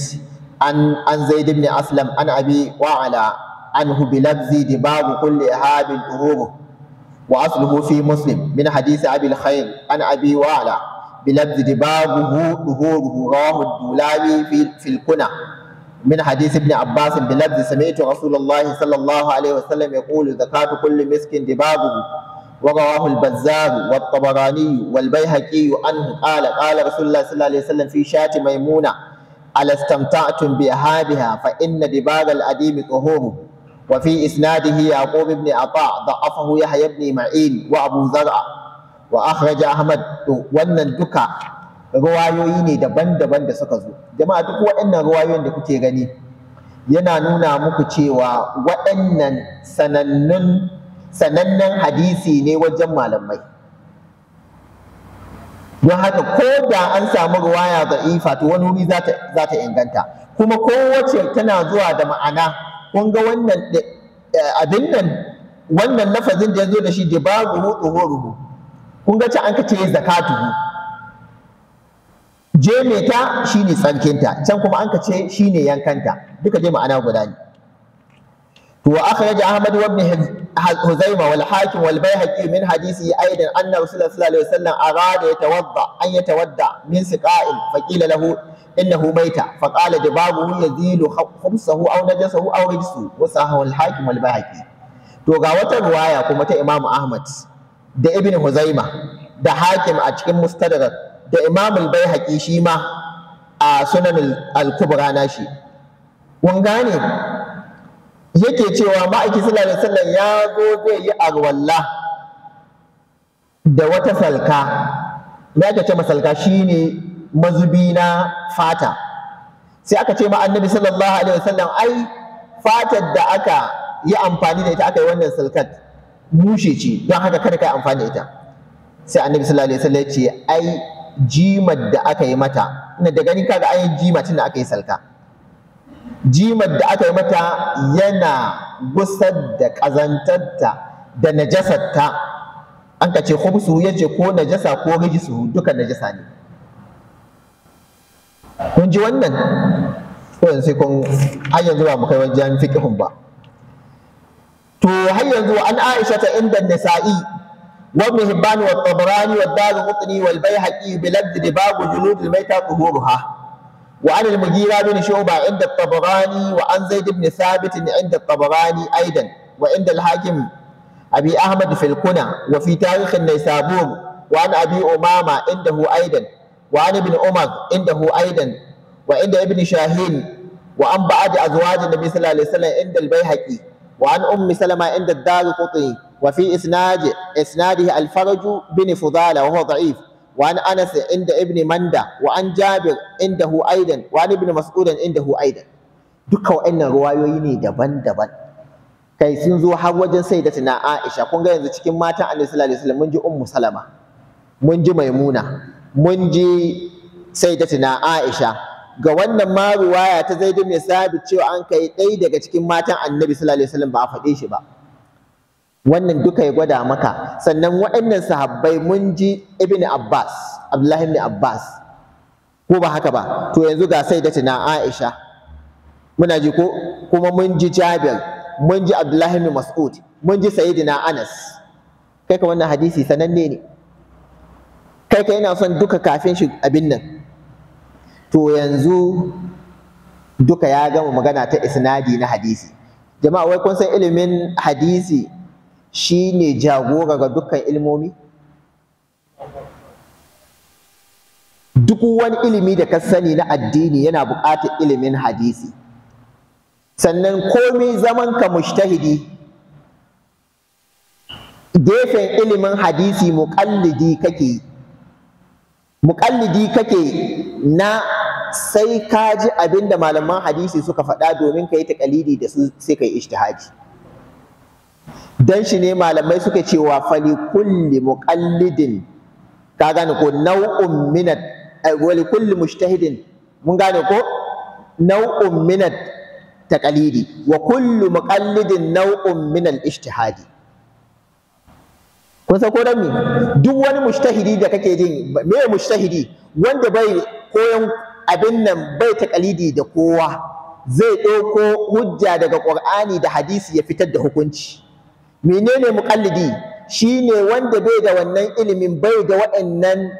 عن عن زيد بن أسلم عن أبي وعلى عنه بلفظ دباب كل إهاب الأروب وأصله في مسلم من حديث أبي الخير عن أبي وعلى بلفظ دبابه ظهوره راه الدولابي في, في الكنى من حديث ابن عباس بلفظ سمعت رسول الله صلى الله عليه وسلم يقول زكاة كل مسك دبابه ورواه البزار والطبراني والبيهقي عنه قال قال رسول الله صلى الله عليه وسلم في شاة ميمونه alastamta'tum bi ahadiha fa inna dibaga al-adim tuhum wa fi isnadihi yaqub ibn ata da'afahu yahya ibn ma'in wa abu zar'a wa akhraja ahmad wannan duka ruwayoyi ne daban-daban da suka zo jama'a duk waɗannan ruwayoyin da kuke gani yana nuna muku cewa waɗannan sanannen hadisi ne wajen malamai don haka ko da an samu ruwaya ga ifa to wani wuri za ta inganta kuma kowace tana zuwa da ma'ana kun ga wannan eh, abin nan wannan lafazin da ya zo da shi da dibaguhu tsohoruhu kun ga can an ka ce zakatuhu jemeta shine tsarkinta can kuma an ka shine yankanta duka dai ma'ana guda ne وأخرج أحمد وابن هزيمة والحاكم والبيهقي من حديثه أيضا أن رسول الله صلى الله عليه وسلم أراد يتوضأ أن يتودع من سقاء فقيل له إنه ميت فقال جبابه يزيل خمسه أو نجسه أو رجسه وصحه الحاكم والبيهقي to ga wata ruwaya kuma ta Imam Ahmad da Ibn Huzaima da Hakim a cikin Mustadrak da Imam al-Baihaqi shi ma a Sunan al-Kubra nashi kun gane yake cewa ma'aiki sallallahu alaihi wasallam ya zo zai yi arwalla da wata salka ya aka ce masalka shine mazubi na fata sai aka ce ma annabi sallallahu alaihi wasallam ai fatar da aka yi amfani da ita aka yi wannan salkat mushe ce don haka kada kai amfani da ita sai annabi sallallahu alaihi wasallam ya ce ai jimar da aka yi mata ina da ganin kaga ai jima tun da aka yi salka jimar da aka yi mata yana gusar da ƙazantarta da najasarta an ka ce khubsu ya ce ko najasa ko rijisu duka najasa ne kun ji wannan ko sai kun har yanzu ba mu kai wajen fiqhun ba to har yanzu an Aisha ta inda Nisa'i وابن هبان والطبراني والدار قطني والبيهقي بلد mai ta الميتة ظهورها وعن المغيرة بن شعبة عند الطبراني وعن زيد بن ثابت عند الطبراني أيضا وعند الحاكم أبي أحمد في الكنى وفي تاريخ النيسابور وعن أبي أمامة عنده أيضا وعن ابن عمر عنده أيضا وعند ابن شاهين وعن بعض أزواج النبي صلى الله عليه وسلم عند البيهقي وعن أم سلمة عند الدار قطي وفي إسناد إسناده الفرج بن فضالة وهو ضعيف وعن أنس عند ابن مندى وعن جابر عنده أيضا وعن ابن مسعود عنده أيضا duka wa'annan ruwayoyi ne daban-daban kai sun zo har wajen sayyidatina Aisha kun ga yanzu cikin matan Annabi sallallahu alaihi wasallam mun ji Ummu Salama mun ji Maimuna mun ji sayyidatina Aisha ga wannan ma ruwaya ta Zaid bin Sabit cewa an kai ɗaya daga cikin matan Annabi sallallahu alaihi wasallam ba a faɗe shi ba wannan duka ya gwada maka sannan waɗannan sahabbai mun ji ibn abbas abdullahi ibn abbas ko ba haka ba to yanzu ga sai da tana aisha muna ji ko kuma mun ji jabir mun ji abdullahi ibn mas'ud mun ji sayyidina anas kai ka wannan hadisi sananne ne kai ka yana son duka kafin shi abin nan to yanzu duka ya gama magana ta isnadi na hadisi jama'a wai kun san ilimin hadisi shi ne jagora ga dukkan ilmomi duk wani ilimi da ka sani na addini yana buƙatar ilimin hadisi sannan komi zaman ka mushtahidi gefen ilimin hadisi muƙallidi kake muƙallidi kake na sai ka ji abin da malaman hadisi suka faɗa domin ka yi taƙalidi da su sai ka yi ishtihadi dan shi ne malamai suka cewa fali kulli muqallidin ka gane ko nau'un minat eh, wali kulli mujtahidin mun gane ko nau'un minat taqalidi wa kullu muqallidin nau'un min al-ijtihadi kun san ko dan me duk wani mujtahidi da kake jin me mujtahidi wanda bai koyon abin nan bai taqalidi da kowa zai dauko hujja daga Qur'ani da hadisi ya fitar da hukunci menene muƙallidi shine wanda bai da wannan ilimin bai da waɗannan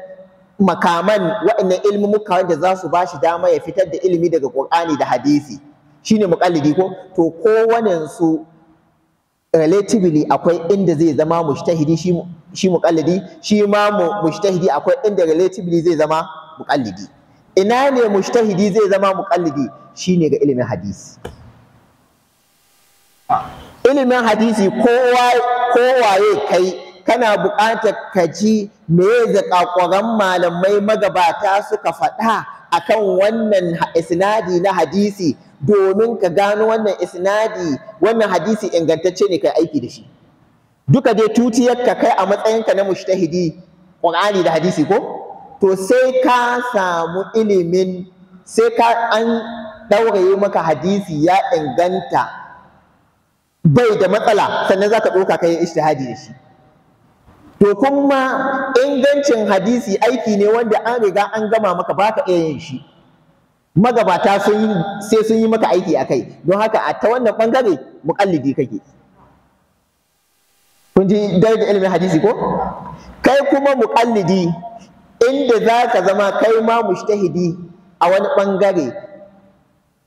makaman waɗannan ilmumuka wanda za su ba shi dama ya fitar da ilimi daga ƙur'ani da hadisi shine muƙallidi ko to kowannen su relatively akwai inda zai zama mushtahidi shi shi muƙallidi shi ma mushtahidi akwai inda relatively zai zama muƙallidi ina ne mushtahidi zai zama muƙallidi shine ga ilimin hadisi ilimin hadisi ko kowaye kai kana buƙatar ka ji me zaƙaƙuran malamai magabata suka faɗa akan wannan isnadi na hadisi domin ka gano wannan isnadi wannan hadisi ingantacce ne kai aiki da shi duka dai tutiyarka kai a matsayinka na mushtahidi ƙur'ani da hadisi ko to sai ka samu ilimin sai ka an ɗauraye maka hadisi ya inganta bai da matsala sannan za ka ɗauka kai ishtihadi da shi to kuma ingancin hadisi aiki ne wanda an riga an gama maka ba ka iya yin shi magabata sun sai sun yi maka aiki a kai don haka a ta wannan mu muƙallidi kake kun ji da ilimin hadisi ko kai kuma muƙallidi inda za ka zama kai ma mushtahidi a wani ɓangare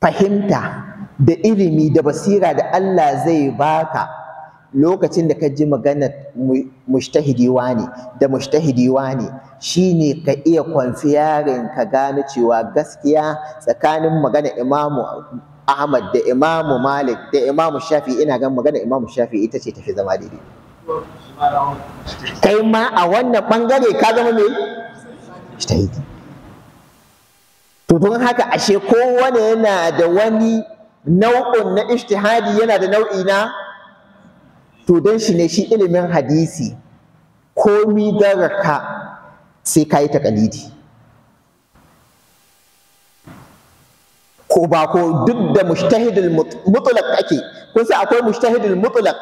fahimta da ilimi da basira da Allah zai baka lokacin da ka ji maganar mushtahidi ne da mushtahidi ne shine ka iya yaren ka gane cewa gaskiya tsakanin magana imamu Ahmad da Imamu Malik da Imamu Shafi ina gan magana Imamu Shafi ita ce tafi zama daidai. Kai ma a wannan bangare ka zama me? mushtahidi To haka ashe kowane yana da wani nau'in na ijtihadi yana da nau'i na to dan shi ne shi ilimin hadisi komi daraka sai ta kalidi ko ba ko duk da mujtahidul mutlaq ake kun sai akwai mujtahidul mutlaq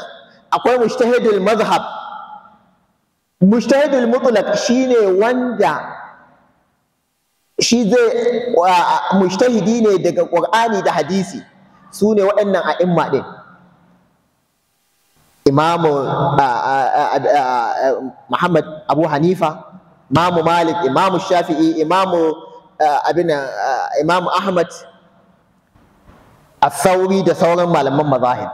akwai mujtahidul mazhab mujtahidul mutlaq shine wanda shi zai mujtahidi ne daga qur'ani da hadisi su ne waɗannan a'imma ɗin imamu Muhammad Abu Hanifa imamu Malik imamu Shafi'i imamu imamu Ahmad Asauri da sauran malaman mazahin.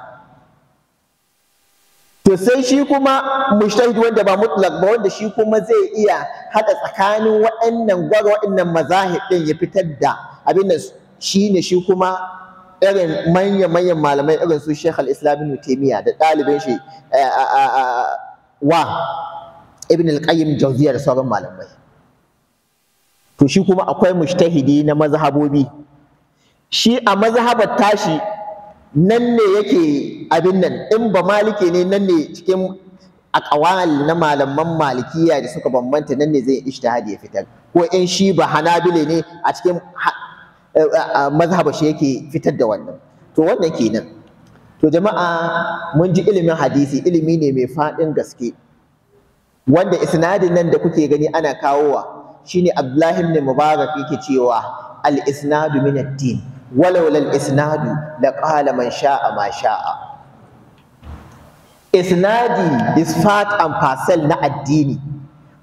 to sai shi kuma mushtahid wanda ba mutlak ba wanda shi kuma zai iya haɗa tsakanin waɗannan gwara waɗannan mazahib ɗin ya fitar da abin da shi ne shi kuma irin manya-manyan malamai irin su Sheikh al-Islam Ibn Taymiyyah da ɗalibin shi eh, eh, eh, wa Ibn al-Qayyim Jawziya da sauran malamai to shi kuma akwai mujtahidi na mazhabobi shi a mazhabar tashi nan ne yake abin nan in ba malike ne nan ne cikin aqwal na malaman malikiya da suka bambanta nan ne zai ishtihadi ya fitar ko in shi ba hanabile ne a cikin mazhaba shi yake fitar da wannan to wannan kenan to jama'a mun ji ilimin hadisi ilimi ne mai faɗin gaske wanda isnadin nan da kuke gani ana kawowa shine Abdullahi ibn Mubarak yake cewa al isnadu min ad-din walau lal isnadu la qala man sha'a ma sha'a isnadi is part and parcel na addini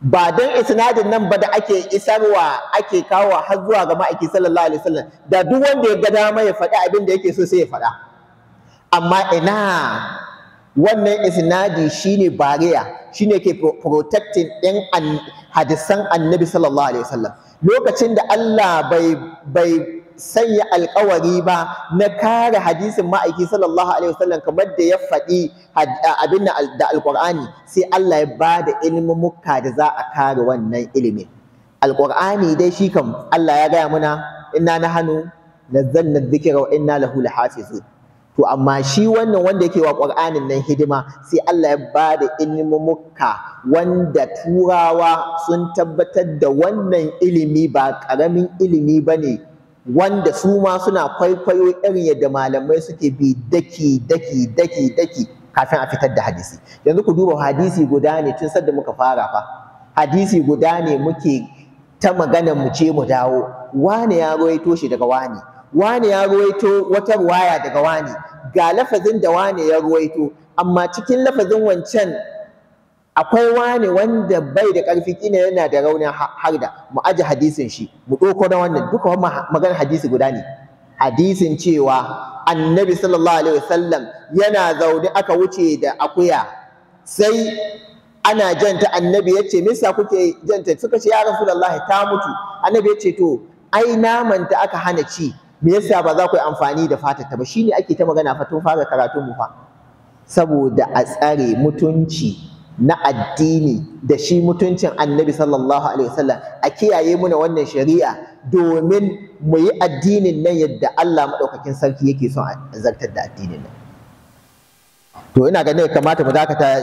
ba don isnadin nan ba da ake isarwa ake kawo har zuwa ga ma'aiki sallallahu alaihi wasallam da duk wanda ya ga dama ya faɗi abin da yake so sai ya faɗa amma ina wannan isnadi shine bariya shine ke protecting ɗin hadisan annabi sallallahu alaihi wasallam lokacin da Allah bai bai sanya alkawari ba na kare hadisin ma'aiki sallallahu alaihi wasallam kamar da ya faɗi abin da alkur'ani sai Allah ya ba da muka da za a kare wannan ilimin Alƙur'ani dai shi kam Allah ya gaya muna inna na na zanna zikira wa inna lahu lahafizun to amma shi wannan wanda yake wa qur'anin nan hidima sai Allah ya ba da ilmumuka wanda turawa sun tabbatar da wannan ilimi ba karamin ilimi bane wanda su ma suna kwaikwayo irin yadda malamai suke bi daki daki daki daki kafin a fitar da hadisi yanzu ku duba hadisi guda ne tun sadda muka fara fa hadisi guda ne muke ta magana mu ce mu dawo wane ya ruwaito shi daga wane wane ya ruwaito wata ruwaya daga wane ga lafazin da wane ya ruwaito amma cikin lafazin wancan akwai wani wanda bai da ƙarfi kina yana da raunin harda mu aji hadisin shi mu ɗauko na wannan duka wannan magana hadisi guda ne hadisin cewa annabi sallallahu alaihi wasallam yana zaune aka wuce da akuya sai ana janta annabi ya ce misa kuke janta suka ce ya rasulullahi ta mutu annabi ya ce to ai namanta aka hana ci me yasa ba za ku yi amfani da fatar ta ba shine ake ta magana fa tun fara karatun mu fa saboda a tsare mutunci na addini da shi mutuncin annabi sallallahu alaihi wasallam a kiyaye muna wannan shari'a domin mu yi addinin nan yadda Allah maɗaukakin sarki yake son zartar da addinin nan to ina ganin kamata mu dakata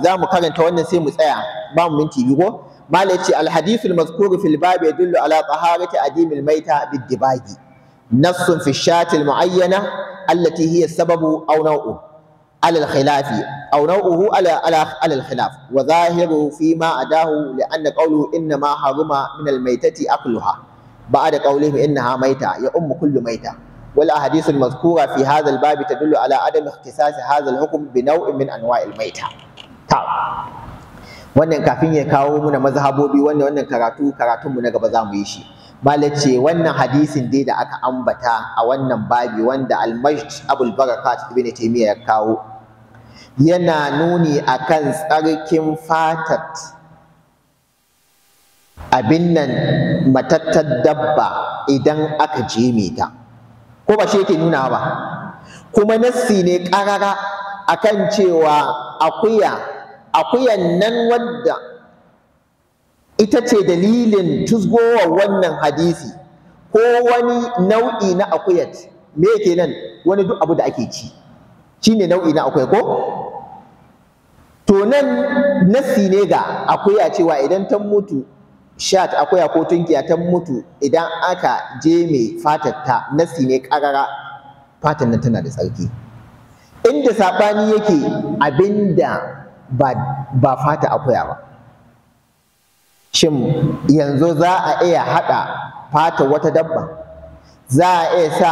za mu karanta wannan sai mu tsaya ba mu minti biyu ko malai ce alhadithu almazkuru fil babi yadullu ala taharati adimil maita bid dibagi nassun fi shatil muayyana allati hiya sababu aw naw'u على الخلاف أو نوعه على على على الخلاف وظاهره فيما أداه لأن قوله إنما حرم من الميتة أكلها بعد قولهم إنها ميتة يؤم كل ميتة والأحاديث المذكورة في هذا الباب تدل على عدم اختصاص هذا الحكم بنوع من أنواع الميتة تعال wannan kafin ya kawo muna mazhabobi wannan wannan karatu karatunmu na gaba za mu yi shi malace wannan hadisin dai da aka ambata a wannan babi wanda al-majd abul barakat ibn taymiya ya kawo yana nuni akan tsarkin fatat abin nan matattar dabba idan aka je ta ko ba shi yake nuna ba kuma nassi ne ƙarara akan cewa akuya akuyan nan wadda ita ce dalilin tuzgowar wannan hadisi ko wani nau'i na akuyat me nan wani duk abu da ake ci ne nau'i na akwai ko to nan nassi ne ga akuya cewa idan ta mutu shat akuya ko tunkiya ta mutu idan aka je mai fatatta ta nassi ne karara fatan nan tana da tsarki inda sabani yake abinda ba ba fata akuya ba shin yanzu za a iya haɗa fata wata dabba za a iya sa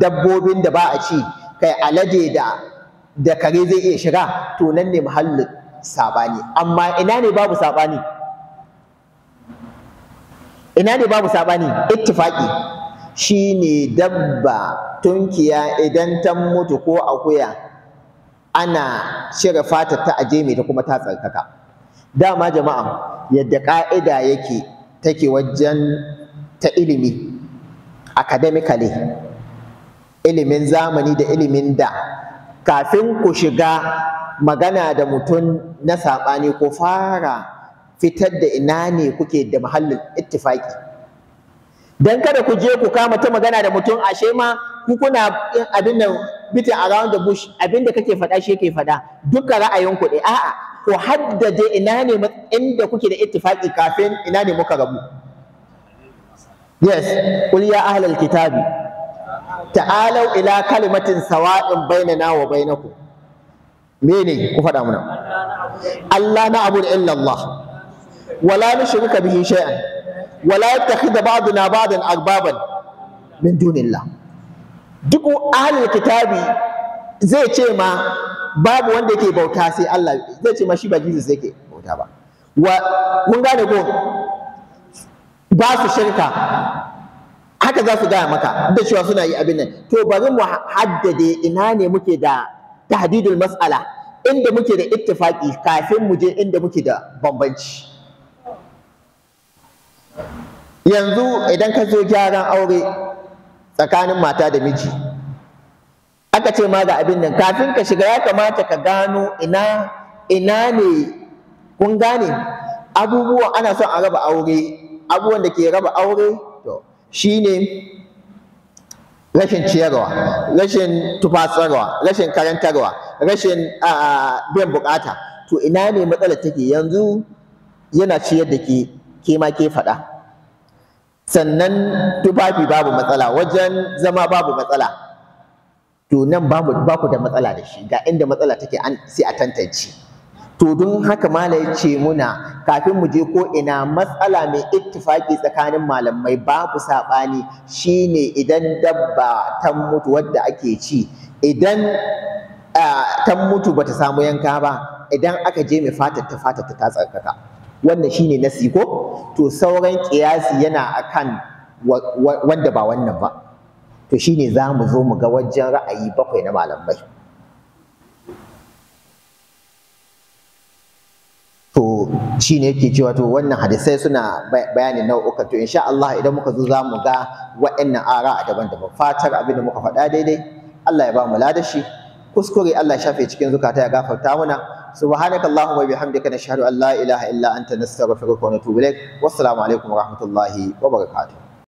dabbobin da ba a ci kai alade da da kare zai iya shiga to nan ne muhallin sabani amma ina ne babu sabani ina ne babu sabani ittifaqi shine dabba tunkiya idan ta mutu ko akuya ana cire fata ta aje mai ta kuma ta tsarkaka dama jama'a yadda ka'ida yake take wajen ta ilimi academically ilimin zamani da ilimin da kafin ku shiga magana da mutum na saɓani ko fara fitar da ina ne kuke da mahallin ittifaki Don kada ku je ku kama ta magana da mutum ashe ma ku kuna abin nan bitin around the bush abin da kake faɗa shi yake faɗa duka ra'ayin kuɗi? ɗaya a'a ku haddade ina ne inda kuke da ittifaki kafin ina ne muka rabu yes qul ya ahlal kitabi ta'alau ila kalimatin sawa'in bainana wa bainakum mene ku faɗa muna Allah na abu da illa Allah wala nushrika bihi shay'an wala yattakhidha ba'duna ba'dan arbaban min dunillah duk ahlul kitabi zai ce ma babu wanda yake bauta sai Allah zai ce ma shi ba Jesus yake bauta ba wa mun gane ko ba su shirka haka za su gaya maka da cewa suna yi abin nan to bari mu haddade ina ne muke da tahdidul mas'ala inda muke da ittifaqi kafin mu je inda muke da bambanci yanzu idan ka zo gyaran aure tsakanin mata da miji aka ce ma ga abin nan kafin ka shiga ya kamata ka gano ina ina ne kun gane abubuwan ana son a raba aure abubuwan da ke raba aure Shi ne rashin ciyarwa rashin tufasarwa, rashin karantarwa rashin biyan bukata to ina ne matsalar take yanzu yana ciyar da ke ke ma ke faɗa sannan tufafi babu matsala wajen zama babu matsala to nan babu ba da matsala da shi ga inda matsala take sai a tantance to don haka malai ce muna kafin mu je ko ina matsala mai ittifaki tsakanin malamai babu saɓani shine idan dabba ta mutu wadda ake ci idan ta mutu bata samu yanka ba idan aka je mai fatar ta fatar ta tsarkaka wannan shine nasi ko to sauran kiyasi yana akan wanda ba wannan ba to shine za mu zo mu ga wajen ra'ayi bakwai na malamai shi ne yake cewa to wannan hadisai suna bayanin nau'uka to insha Allah idan muka zo za mu ga waɗannan ara a daban-daban fatar abin da muka faɗa daidai Allah ya ba mu ladashi kuskure Allah ya shafe cikin zukata ya gafarta mana subhanakallahumma wa bihamdika nashhadu an la ilaha illa anta nastaghfiruka wa natubu ilaik wassalamu alaikum wa rahmatullahi wa